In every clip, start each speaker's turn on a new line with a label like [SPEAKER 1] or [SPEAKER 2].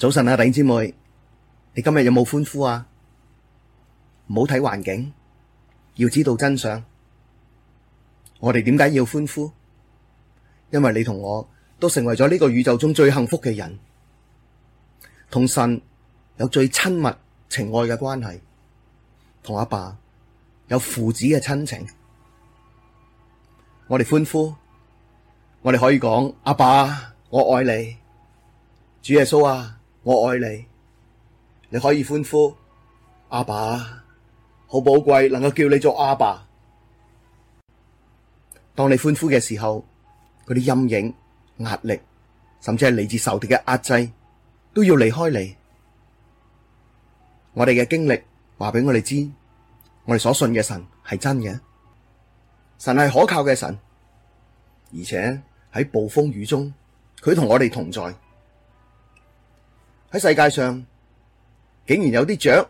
[SPEAKER 1] 早晨啊，弟兄姊妹，你今日有冇歡呼啊？唔好睇環境，要知道真相。我哋點解要歡呼？因為你同我都成為咗呢個宇宙中最幸福嘅人，同神有最親密情愛嘅關係，同阿爸有父子嘅親情。我哋歡呼，我哋可以講阿爸，我愛你，主耶穌啊！我愛你，你可以歡呼，阿爸好寶貴，能夠叫你做阿爸。當你歡呼嘅時候，嗰啲陰影、壓力，甚至係嚟自仇敵嘅壓制，都要離開你。我哋嘅經歷，話俾我哋知，我哋所信嘅神係真嘅，神係可靠嘅神，而且喺暴風雨中，佢同我哋同在。喺世界上，竟然有啲雀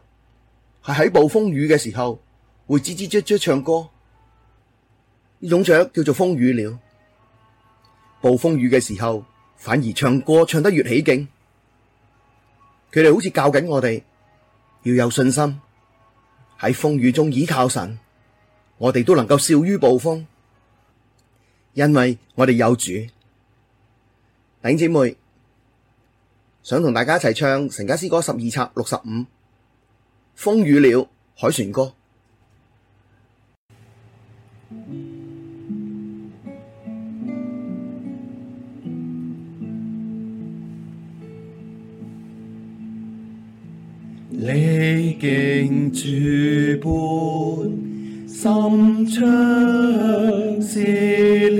[SPEAKER 1] 係喺暴風雨嘅時候會吱吱喳喳唱歌，呢種雀叫做風雨鳥。暴風雨嘅時候，反而唱歌唱得越起勁。佢哋好似教緊我哋要有信心喺風雨中倚靠神，我哋都能夠笑於暴風，因為我哋有主。弟兄姐妹。想同大家一齊唱《神家詩歌》十二冊六十五《風雨鳥凱旋歌》，歷經諸般深長試煉。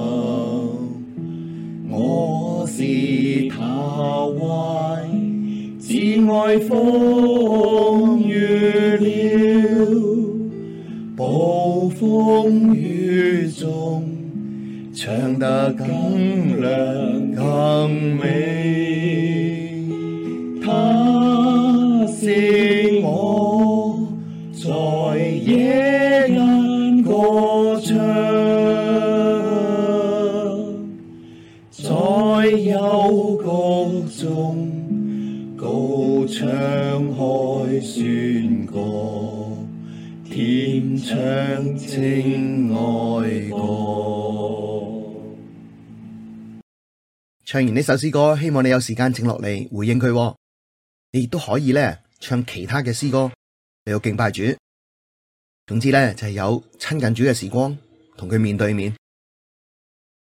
[SPEAKER 1] 唱完呢首詩歌，希望你有時間請落嚟，回應佢。你亦都可以咧唱其他嘅詩歌，你要敬拜主。總之咧就係有親近主嘅時光，同佢面對面。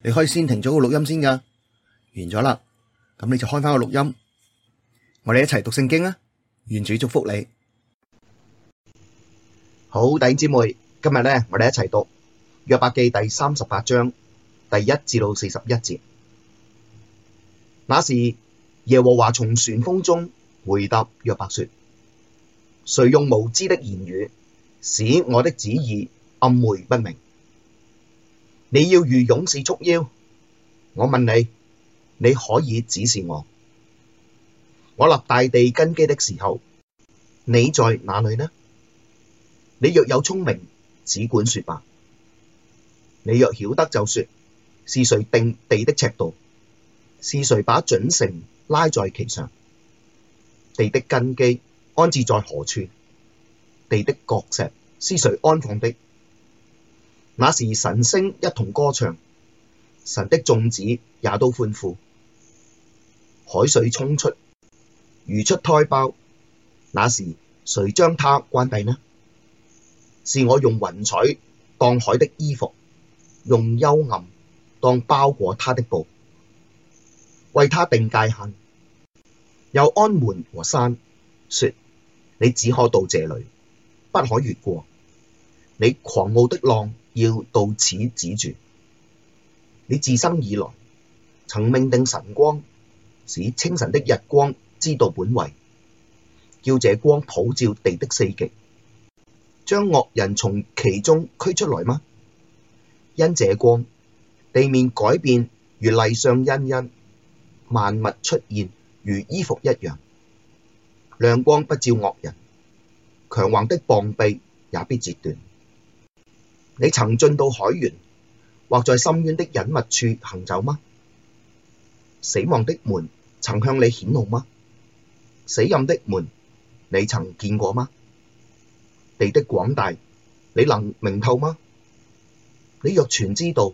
[SPEAKER 1] 你可以先停咗個錄音先噶，完咗啦，咁你就開翻個錄音。我哋一齊讀聖經啊！願主祝福你。好，弟兄姊妹，今日咧，我哋一齊讀約伯記第三十八章第一至到四十一節。那時，耶和華從旋風中回答約伯說：誰用無知的言語使我的旨意暗昧不明？你要如勇士束腰，我問你，你可以指示我。我立大地根基的時候，你在哪裡呢？你若有聰明，只管說吧。你若曉得，就說是誰定地的尺度？是誰把準繩拉在其上？地的根基安置在何處？地的角石是誰安放的？那時，晨星一同歌唱，神的眾子也都歡呼。海水沖出，如出胎胞。那時誰將它關閉呢？是我用雲彩當海的衣服，用幽暗當包裹它的布。為他定界限，又安門和閂，說：你只可到這裡，不可越過。你狂傲的浪要到此止住。你自生以來，曾命定晨光，使清晨的日光知道本位，叫這光普照地的四極，將惡人從其中驅出來嗎？因這光，地面改變如泥上印印。萬物出現如衣服一樣，亮光不照惡人，強橫的膀臂也必折斷。你曾進到海源，或在深淵的隱密處行走嗎？死亡的門曾向你顯露嗎？死蔭的門，你曾見過嗎？地的廣大，你能明透嗎？你若全知道，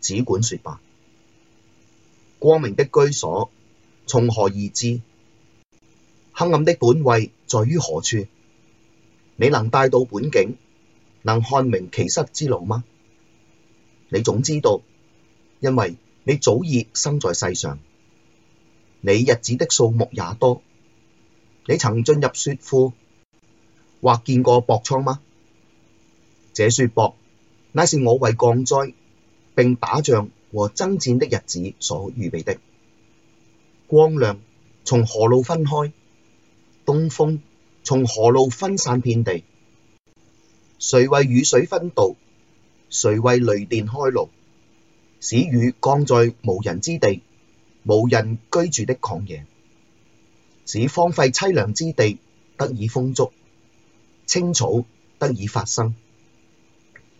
[SPEAKER 1] 只管說吧。光明的居所從何而至？黑暗的本位在於何處？你能帶到本境，能看明其室之路嗎？你總知道，因為你早已生在世上，你日子的數目也多。你曾進入雪庫或見過雹倉嗎？這雪雹，乃是我為降災並打仗。和爭戰的日子所預備的。光亮，從何路分開？東風從何路分散遍地？誰為雨水分道？誰為雷電開路？使雨降在無人之地、無人居住的曠野？使荒廢淒涼之地得以豐足，青草得以發生。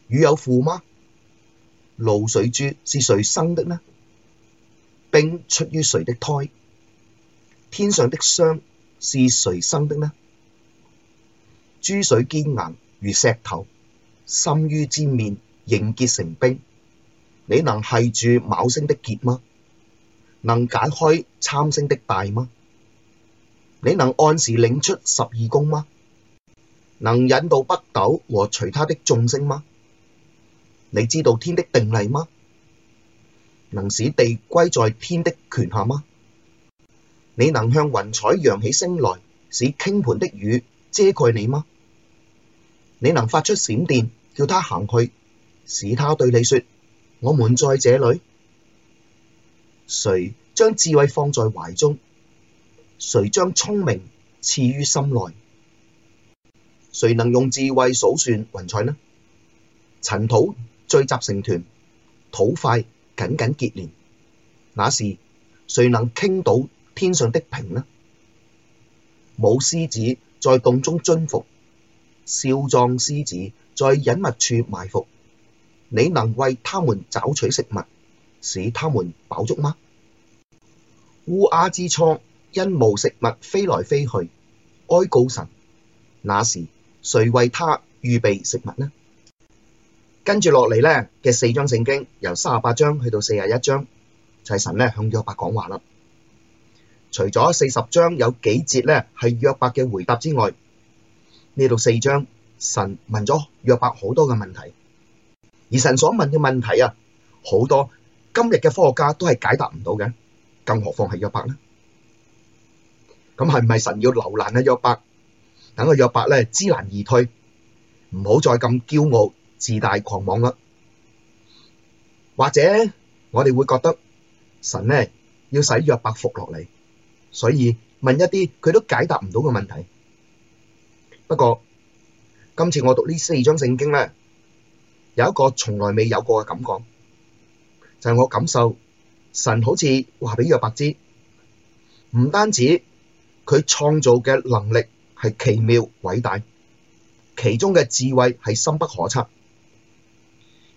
[SPEAKER 1] 雨有父嗎？露水珠是誰生的呢？冰出於誰的胎？天上的霜是誰生的呢？諸水堅硬如石頭，深淵之面凝結成冰。你能繫住昴星的結嗎？能解開參星的帶嗎？你能按時領出十二宮嗎？能引導北斗和隨他的眾星嗎？你知道天的定例嗎？能使地歸在天的權下嗎？你能向雲彩揚起聲來，使傾盆的雨遮蓋你嗎？你能發出閃電，叫他行去，使他對你說：我們在這裡。誰將智慧放在懷中？誰將聰明賜於心內？誰能用智慧數算雲彩呢？塵土。聚集成團，土塊緊緊結連，那時誰能傾倒天上的瓶呢？母獅子在洞中蹲伏，少壯獅子在隱密處埋伏，你能為他們抓取食物，使他們飽足嗎？烏鴉之雛因無食物飛來飛去，哀告神，那時誰為他預備食物呢？跟住落嚟咧嘅四章聖經，由三十八章去到四十一章，就係神咧向約伯講話啦。除咗四十章有幾節咧係約伯嘅回答之外，呢度四章神問咗約伯好多嘅問題，而神所問嘅問題啊好多，今日嘅科學家都係解答唔到嘅，更何況係約伯咧？咁係唔係神要留難啊約伯？等個約伯咧知難而退，唔好再咁驕傲。自大狂妄啦，或者我哋會覺得神呢要使約伯服落嚟，所以問一啲佢都解答唔到嘅問題。不過今次我讀呢四章聖經呢，有一個從來未有過嘅感覺，就係、是、我感受神好似話俾約伯知，唔單止佢創造嘅能力係奇妙偉大，其中嘅智慧係深不可測。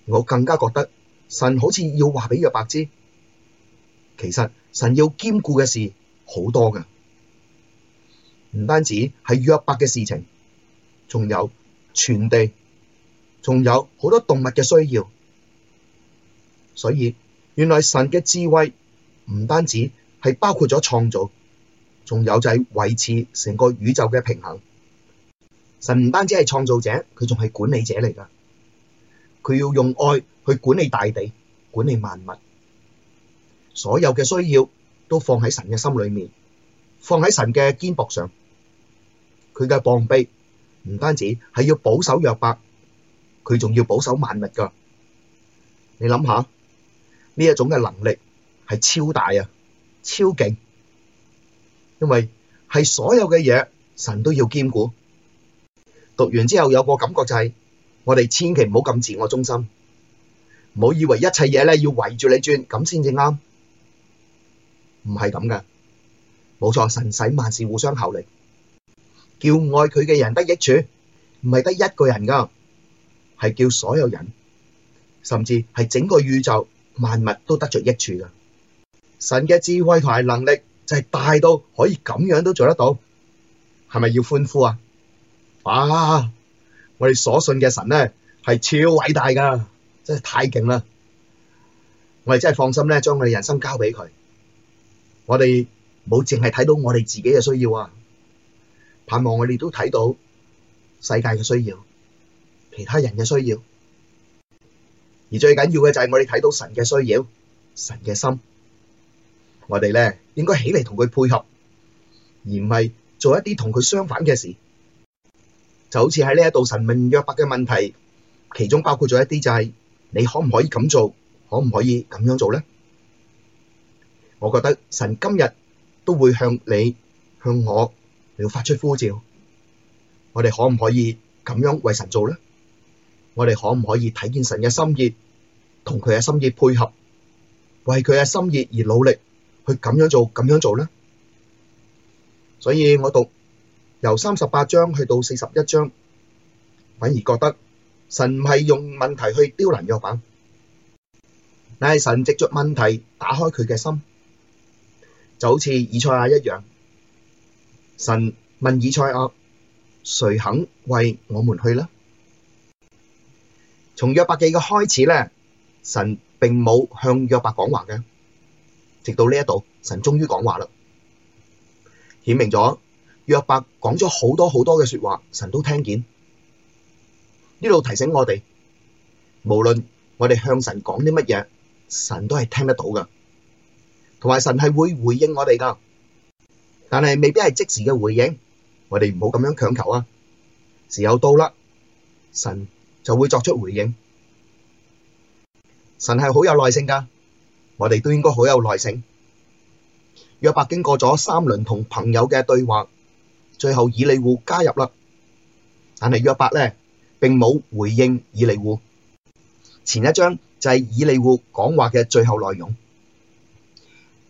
[SPEAKER 1] 我更加覺得神好似要話畀約伯知，其實神要兼顧嘅事好多嘅，唔單止係約伯嘅事情，仲有全地，仲有好多動物嘅需要。所以原來神嘅智慧唔單止係包括咗創造，仲有就係維持成個宇宙嘅平衡。神唔單止係創造者，佢仲係管理者嚟㗎。佢要用愛去管理大地，管理萬物，所有嘅需要都放喺神嘅心裏面，放喺神嘅肩膊上。佢嘅膀臂唔單止係要保守約伯，佢仲要保守萬物噶。你諗下呢一種嘅能力係超大啊，超勁！因為係所有嘅嘢，神都要兼顧。讀完之後有個感覺就係、是。.我哋千祈唔好咁自我中心，唔好以為一切嘢咧要圍住你轉咁先至啱，唔係咁噶，冇錯，神使萬事互相效力，叫愛佢嘅人得益處，唔係得一個人噶，係叫所有人，甚至係整個宇宙萬物都得着益處噶。神嘅智慧同埋能力就係大到可以咁樣都做得到，係咪要歡呼啊？啊！我哋所信嘅神咧，係超偉大噶，真係太勁啦！我哋真係放心咧，將我哋人生交俾佢。我哋冇淨係睇到我哋自己嘅需要啊，盼望我哋都睇到世界嘅需要、其他人嘅需要，而最緊要嘅就係我哋睇到神嘅需要、神嘅心。我哋咧應該起嚟同佢配合，而唔係做一啲同佢相反嘅事。就好似喺呢一度神命約伯嘅問題，其中包括咗一啲就係你可唔可以咁做，可唔可以咁樣做咧？我覺得神今日都會向你向我，要發出呼召。我哋可唔可以咁樣為神做咧？我哋可唔可以睇見神嘅心意，同佢嘅心意配合，為佢嘅心意而努力去咁樣做，咁樣做咧？所以我讀。由三十八章去到四十一章，反而覺得神唔係用問題去刁難約伯，乃係神藉着問題打開佢嘅心，就好似以賽亞一樣，神問以賽亞：誰肯為我們去呢？從約伯記嘅開始咧，神並冇向約伯講話嘅，直到呢一度，神終於講話啦，顯明咗。約伯講咗好多好多嘅說話，神都聽見。呢度提醒我哋，無論我哋向神講啲乜嘢，神都係聽得到噶，同埋神係會回應我哋噶，但係未必係即時嘅回應。我哋唔好咁樣強求啊。時候到啦，神就會作出回應。神係好有耐性噶，我哋都應該好有耐性。約伯經過咗三輪同朋友嘅對話。最後以利戶加入啦，但係約伯咧並冇回應以利戶。前一章就係以利戶講話嘅最後內容。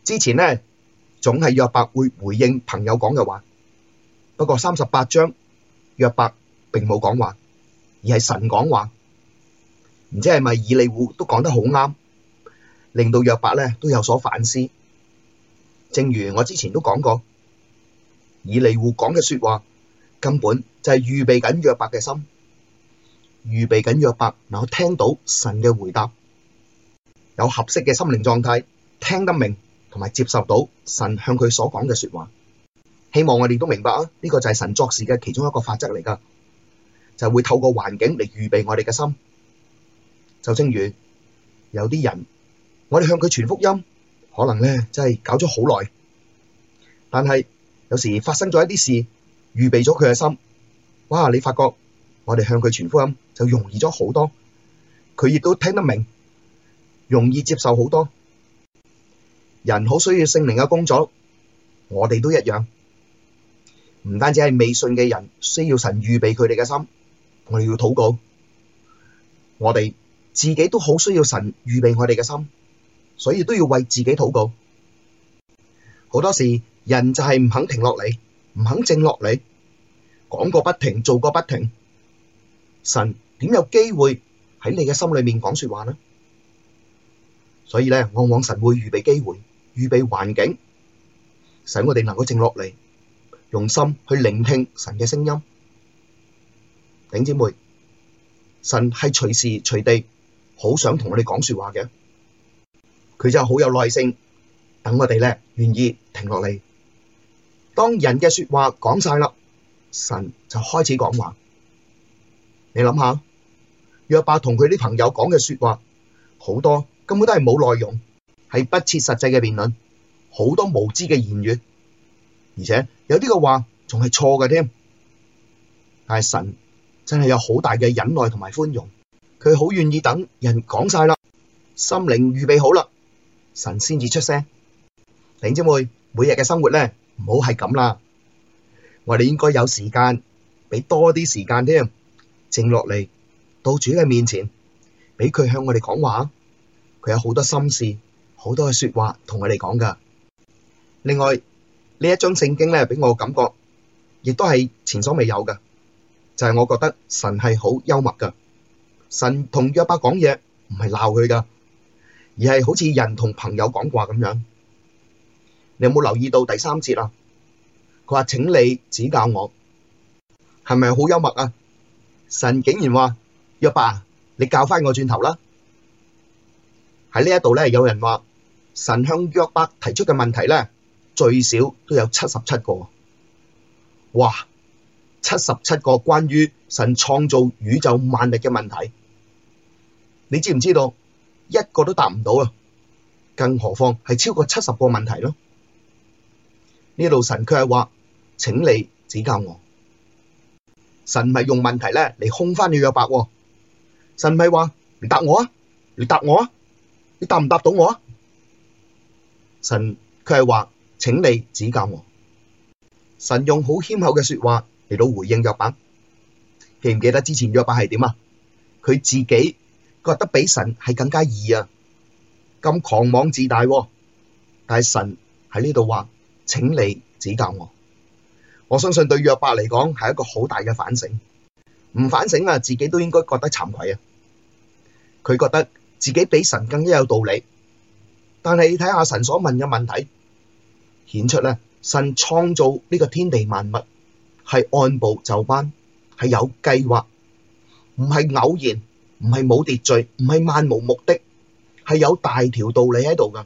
[SPEAKER 1] 之前咧總係約伯會回應朋友講嘅話，不過三十八章約伯並冇講話，而係神講話。唔知係咪以利戶都講得好啱，令到約伯咧都有所反思。正如我之前都講過。以利戶講嘅說話根本就係預備緊約伯嘅心，預備緊約伯，能夠聽到神嘅回答，有合適嘅心靈狀態，聽得明同埋接受到神向佢所講嘅說話。希望我哋都明白啊，呢個就係神作事嘅其中一個法則嚟㗎，就係會透過環境嚟預備我哋嘅心。就正如有啲人，我哋向佢傳福音，可能咧真係搞咗好耐，但係。有時發生咗一啲事，預備咗佢嘅心，哇！你發覺我哋向佢傳福音就容易咗好多，佢亦都聽得明，容易接受好多。人好需要聖靈嘅工作，我哋都一樣。唔單止係未信嘅人需要神預備佢哋嘅心，我哋要禱告，我哋自己都好需要神預備我哋嘅心，所以都要為自己禱告。好多時，人就係唔肯停落嚟，唔肯靜落嚟，講個不停，做個不停，神點有機會喺你嘅心裏面講說話呢？所以咧，往往神會預備機會，預備環境，使我哋能夠靜落嚟，用心去聆聽神嘅聲音。頂姊妹，神係隨時隨地好想同我哋講說話嘅，佢就好有耐性等我哋咧願意停落嚟。當人嘅說話講晒啦，神就開始講話。你諗下，約伯同佢啲朋友講嘅說話好多根本都係冇內容，係不切實際嘅辯論，好多無知嘅言語，而且有啲嘅話仲係錯嘅添。但係神真係有好大嘅忍耐同埋寬容，佢好願意等人講晒啦，心靈預備好啦，神先至出聲。靈姐妹，每日嘅生活咧。唔好係咁啦，我哋應該有時間，畀多啲時間添，靜落嚟，到主嘅面前，畀佢向我哋講話。佢有好多心事，好多嘅說話同我哋講噶。另外呢一張聖經咧，俾我感覺亦都係前所未有噶，就係、是、我覺得神係好幽默噶，神同約伯講嘢唔係鬧佢噶，而係好似人同朋友講話咁樣。你有冇留意到第三節啊？佢話，請你指教我，係咪好幽默啊？神竟然話約伯，你教返我轉頭啦。喺呢一度咧，有人話神向約伯提出嘅問題咧，最少都有七十七個。哇，七十七個關於神創造宇宙萬物嘅問題，你知唔知道一個都答唔到啊？更何況係超過七十個問題咯。呢度神佢係話，請你指教我。神唔係用問題咧嚟控返你約伯喎？神唔係話，你答我啊，你答我啊，你答唔答到我啊？神佢係話，請你指教我。神用好謙厚嘅說話嚟到回應約伯。記唔記得之前約伯係點啊？佢自己覺得比神係更加易啊，咁狂妄自大。但係神喺呢度話。請你指教我。我相信對約伯嚟講係一個好大嘅反省。唔反省啊，自己都應該覺得慚愧啊。佢覺得自己比神更加有道理，但係你睇下神所問嘅問題，顯出呢，神創造呢個天地萬物係按部就班，係有計劃，唔係偶然，唔係冇秩序，唔係漫無目的，係有大條道理喺度噶。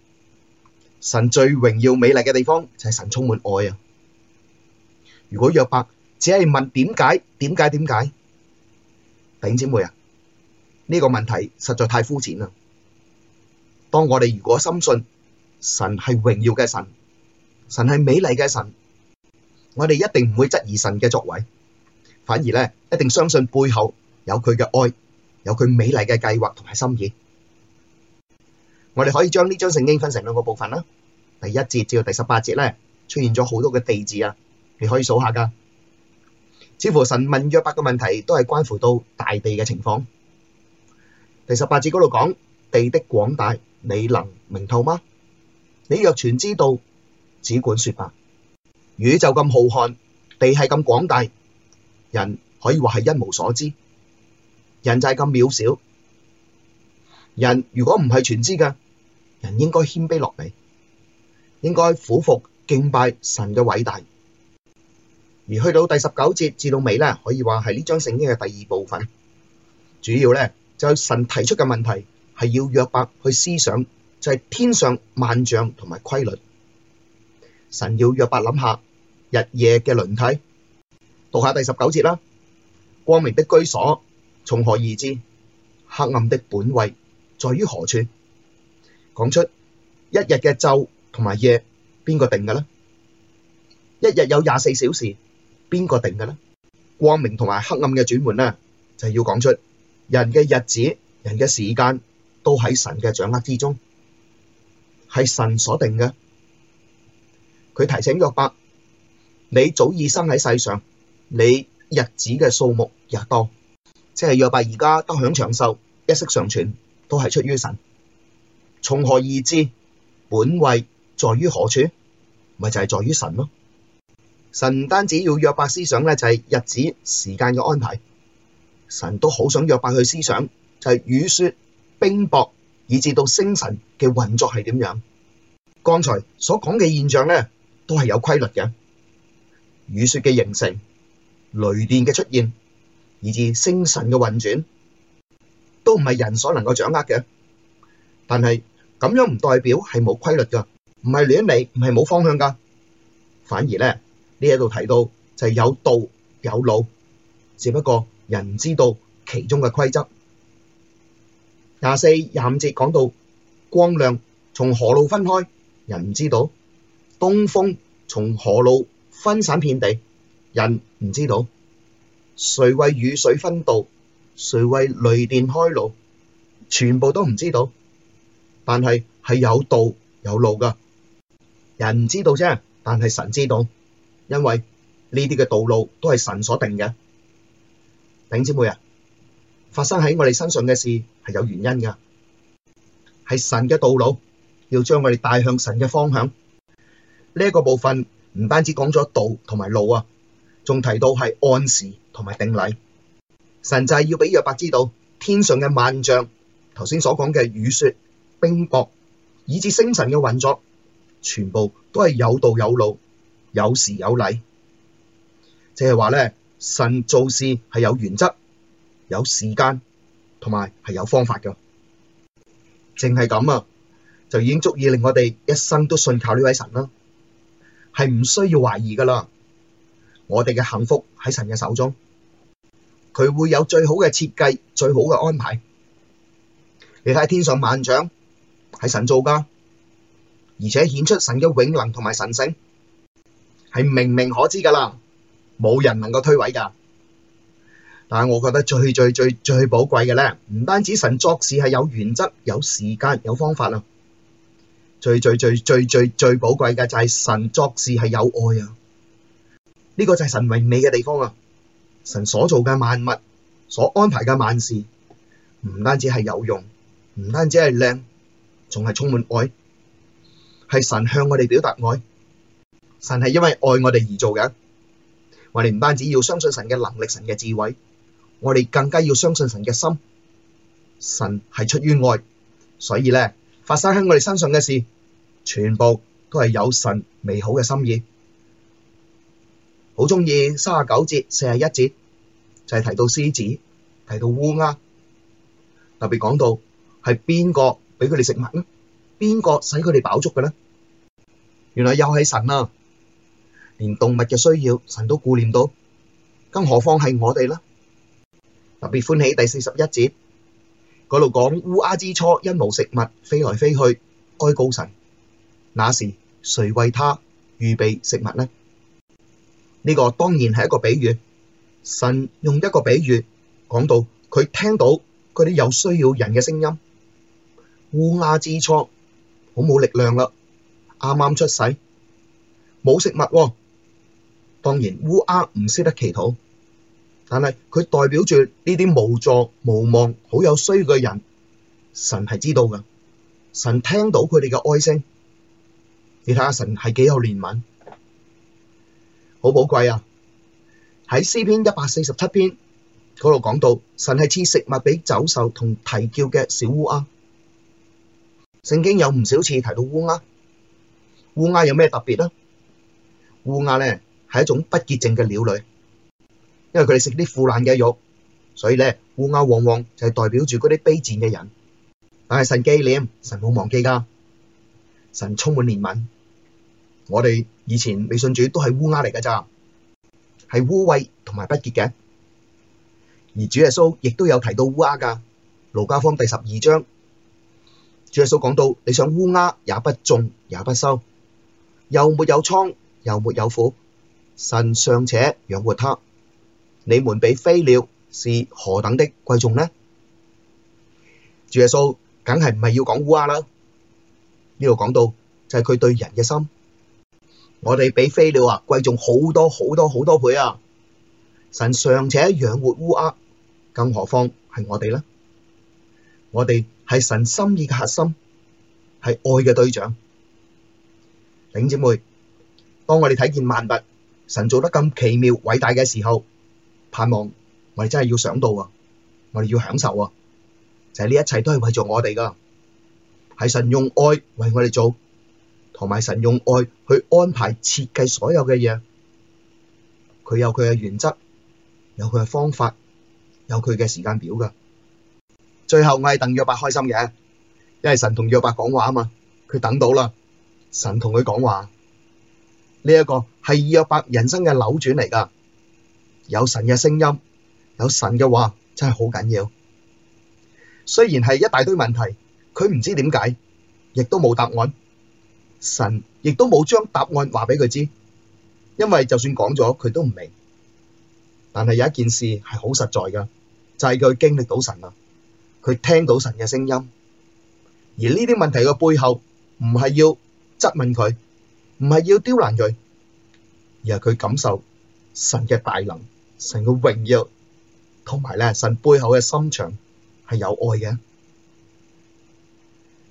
[SPEAKER 1] 神最榮耀美麗嘅地方就係、是、神充滿愛啊！如果約伯只係問點解點解點解，弟姐妹啊，呢、這個問題實在太膚淺啦。當我哋如果深信神係榮耀嘅神，神係美麗嘅神，我哋一定唔會質疑神嘅作為，反而咧一定相信背後有佢嘅愛，有佢美麗嘅計劃同埋心意。我哋可以將呢章聖經分成兩個部分啦。第一節至到第十八節咧，出現咗好多嘅地字啊，你可以數下㗎。似乎神問約伯嘅問題都係關乎到大地嘅情況。第十八節嗰度講地的廣大，你能明透嗎？你若全知道，只管説吧。宇宙咁浩瀚，地係咁廣大，人可以話係一無所知。人就係咁渺小，人如果唔係全知嘅。人應該謙卑落嚟，應該俯伏敬拜神嘅偉大。而去到第十九節至到尾咧，可以話係呢章聖經嘅第二部分，主要咧就神提出嘅問題係要約伯去思想，就係、是、天上萬象同埋規律。神要約伯諗下日夜嘅輪替，讀下第十九節啦。光明的居所從何而至？黑暗的本位在於何處？講出一日嘅晝同埋夜，邊個定嘅咧？一日有廿四小時，邊個定嘅咧？光明同埋黑暗嘅轉換咧，就係要講出人嘅日子、人嘅時間都喺神嘅掌握之中，係神所定嘅。佢提醒約伯，你早已生喺世上，你日子嘅數目也多，即係約伯而家得享長壽、一息尚存，都係出於神。從何而至？本位在於何處？咪就係、是、在於神咯、啊。神唔單止要約伯思想咧，就係日子時間嘅安排。神都好想約伯去思想，就係雨雪冰雹，以至到星辰嘅運作係點樣。剛才所講嘅現象咧，都係有規律嘅。雨雪嘅形成、雷電嘅出現，以至星辰嘅運轉，都唔係人所能夠掌握嘅，但係。咁樣唔代表係冇規律噶，唔係亂嚟，唔係冇方向噶。反而咧，呢度提到就係有道有路，只不過人唔知道其中嘅規則。廿四廿五節講到光亮從何路分開，人唔知道；東風從何路分散遍地，人唔知道。誰為雨水分道？誰為雷電開路？全部都唔知道。但係係有道有路噶，人唔知道啫。但係神知道，因為呢啲嘅道路都係神所定嘅。弟兄姊妹啊，發生喺我哋身上嘅事係有原因㗎，係神嘅道路要將我哋帶向神嘅方向。呢、這、一個部分唔單止講咗道同埋路啊，仲提到係按時同埋定例。神就係要俾約伯知道天上嘅萬象，頭先所講嘅雨雪，冰雹，以至星辰嘅運作，全部都係有道有路，有時有禮，即係話咧，神做事係有原則、有時間同埋係有方法嘅。淨係咁啊，就已經足以令我哋一生都信靠呢位神啦，係唔需要懷疑噶啦，我哋嘅幸福喺神嘅手中，佢會有最好嘅設計、最好嘅安排。你睇天上萬丈。係神做噶，而且顯出神嘅永能同埋神性，係明明可知噶啦，冇人能夠推諉噶。但係我覺得最最最最寶貴嘅咧，唔單止神作事係有原則、有時間、有方法啦，最最最最最最寶貴嘅就係神作事係有愛啊！呢個就係神榮美嘅地方啊！神所做嘅萬物，所安排嘅萬事，唔單止係有用，唔單止係靚。仲係充滿愛，係神向我哋表達愛。神係因為愛我哋而做嘅。我哋唔單止要相信神嘅能力、神嘅智慧，我哋更加要相信神嘅心。神係出於愛，所以咧發生喺我哋身上嘅事，全部都係有神美好嘅心意。好鍾意三十九節、四十一節，就係提到獅子、提到烏鴉，特別講到係邊個。俾佢哋食物啦，邊個使佢哋飽足嘅咧？原來又係神啊！連動物嘅需要，神都顧念到，更何況係我哋啦！特別歡喜第四十一節嗰度講烏鴉之雛因無食物飛來飛去哀告神，那時誰為他預備食物呢？呢個當然係一個比喻，神用一個比喻講到佢聽到佢哋有需要人嘅聲音。烏鴉之雛，好冇力量啦，啱啱出世，冇食物哦。當然烏鴉唔識得祈禱，但係佢代表住呢啲無助、無望，好有需要嘅人，神係知道噶神聽到佢哋嘅哀聲。你睇下神係幾有憐憫，好寶貴啊！喺詩篇一百四十七篇嗰度講到，神係賜食物俾走獸同啼叫嘅小烏鴉。聖經有唔少次提到烏鴉，烏鴉有咩特別啊？烏鴉咧係一種不潔淨嘅鳥類，因為佢哋食啲腐爛嘅肉，所以咧烏鴉往往就係代表住嗰啲卑賤嘅人。但係神紀念，神冇忘記噶，神充滿憐憫。我哋以前未信主都係烏鴉嚟噶咋，係污穢同埋不潔嘅。而主耶穌亦都有提到烏鴉噶，路加福音第十二章。主耶穌講到：你想烏鴉也不種也不收，又沒有倉又沒有庫，神尚且養活他，你們比飛鳥是何等的貴重呢？主耶穌梗係唔係要講烏鴉啦，呢度講到就係佢對人嘅心，我哋比飛鳥啊貴重好多好多好多好多倍啊，神尚且養活烏鴉，更何況係我哋呢？我哋係神心意嘅核心，係愛嘅對象。弟兄姊妹，當我哋睇見萬物神做得咁奇妙偉大嘅時候，盼望我哋真係要想到啊！我哋要享受啊！就係、是、呢一切都係為咗我哋噶，係神用愛為我哋做，同埋神用愛去安排設計所有嘅嘢。佢有佢嘅原則，有佢嘅方法，有佢嘅時間表噶。最後我係鄧約伯開心嘅，因為神同約伯講話啊嘛，佢等到啦。神同佢講話呢一個係約伯人生嘅扭轉嚟噶，有神嘅聲音，有神嘅話，真係好緊要。雖然係一大堆問題，佢唔知點解，亦都冇答案，神亦都冇將答案話畀佢知，因為就算講咗佢都唔明。但係有一件事係好實在噶，就係、是、佢經歷到神啦。佢聽到神嘅聲音，而呢啲問題嘅背後，唔係要質問佢，唔係要刁難佢，而係佢感受神嘅大能、神嘅榮耀，同埋咧神背後嘅心腸係有愛嘅。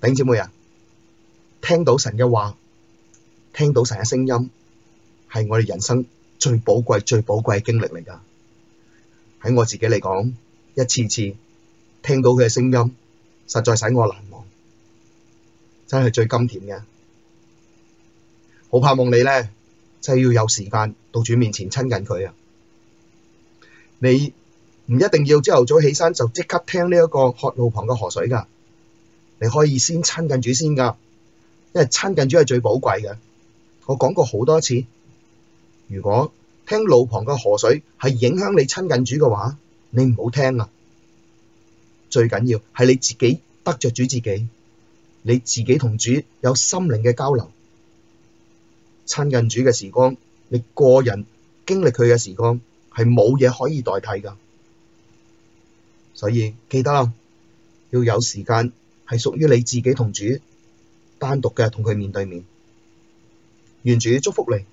[SPEAKER 1] 弟兄姊妹啊，聽到神嘅話，聽到神嘅聲音，係我哋人生最寶貴、最寶貴嘅經歷嚟㗎。喺我自己嚟講，一次次。聽到佢嘅聲音，實在使我難忘，真係最甘甜嘅。好盼望你呢，真係要有時間到主面前親近佢啊！你唔一定要朝頭早起身就即刻聽呢一個喝路旁嘅河水㗎，你可以先親近主先㗎，因為親近主係最寶貴嘅。我講過好多次，如果聽路旁嘅河水係影響你親近主嘅話，你唔好聽啊！最緊要係你自己得着主自己，你自己同主有心靈嘅交流，親近主嘅時光，你個人經歷佢嘅時光係冇嘢可以代替噶。所以記得啦，要有時間係屬於你自己同主單獨嘅同佢面對面。願主祝福你。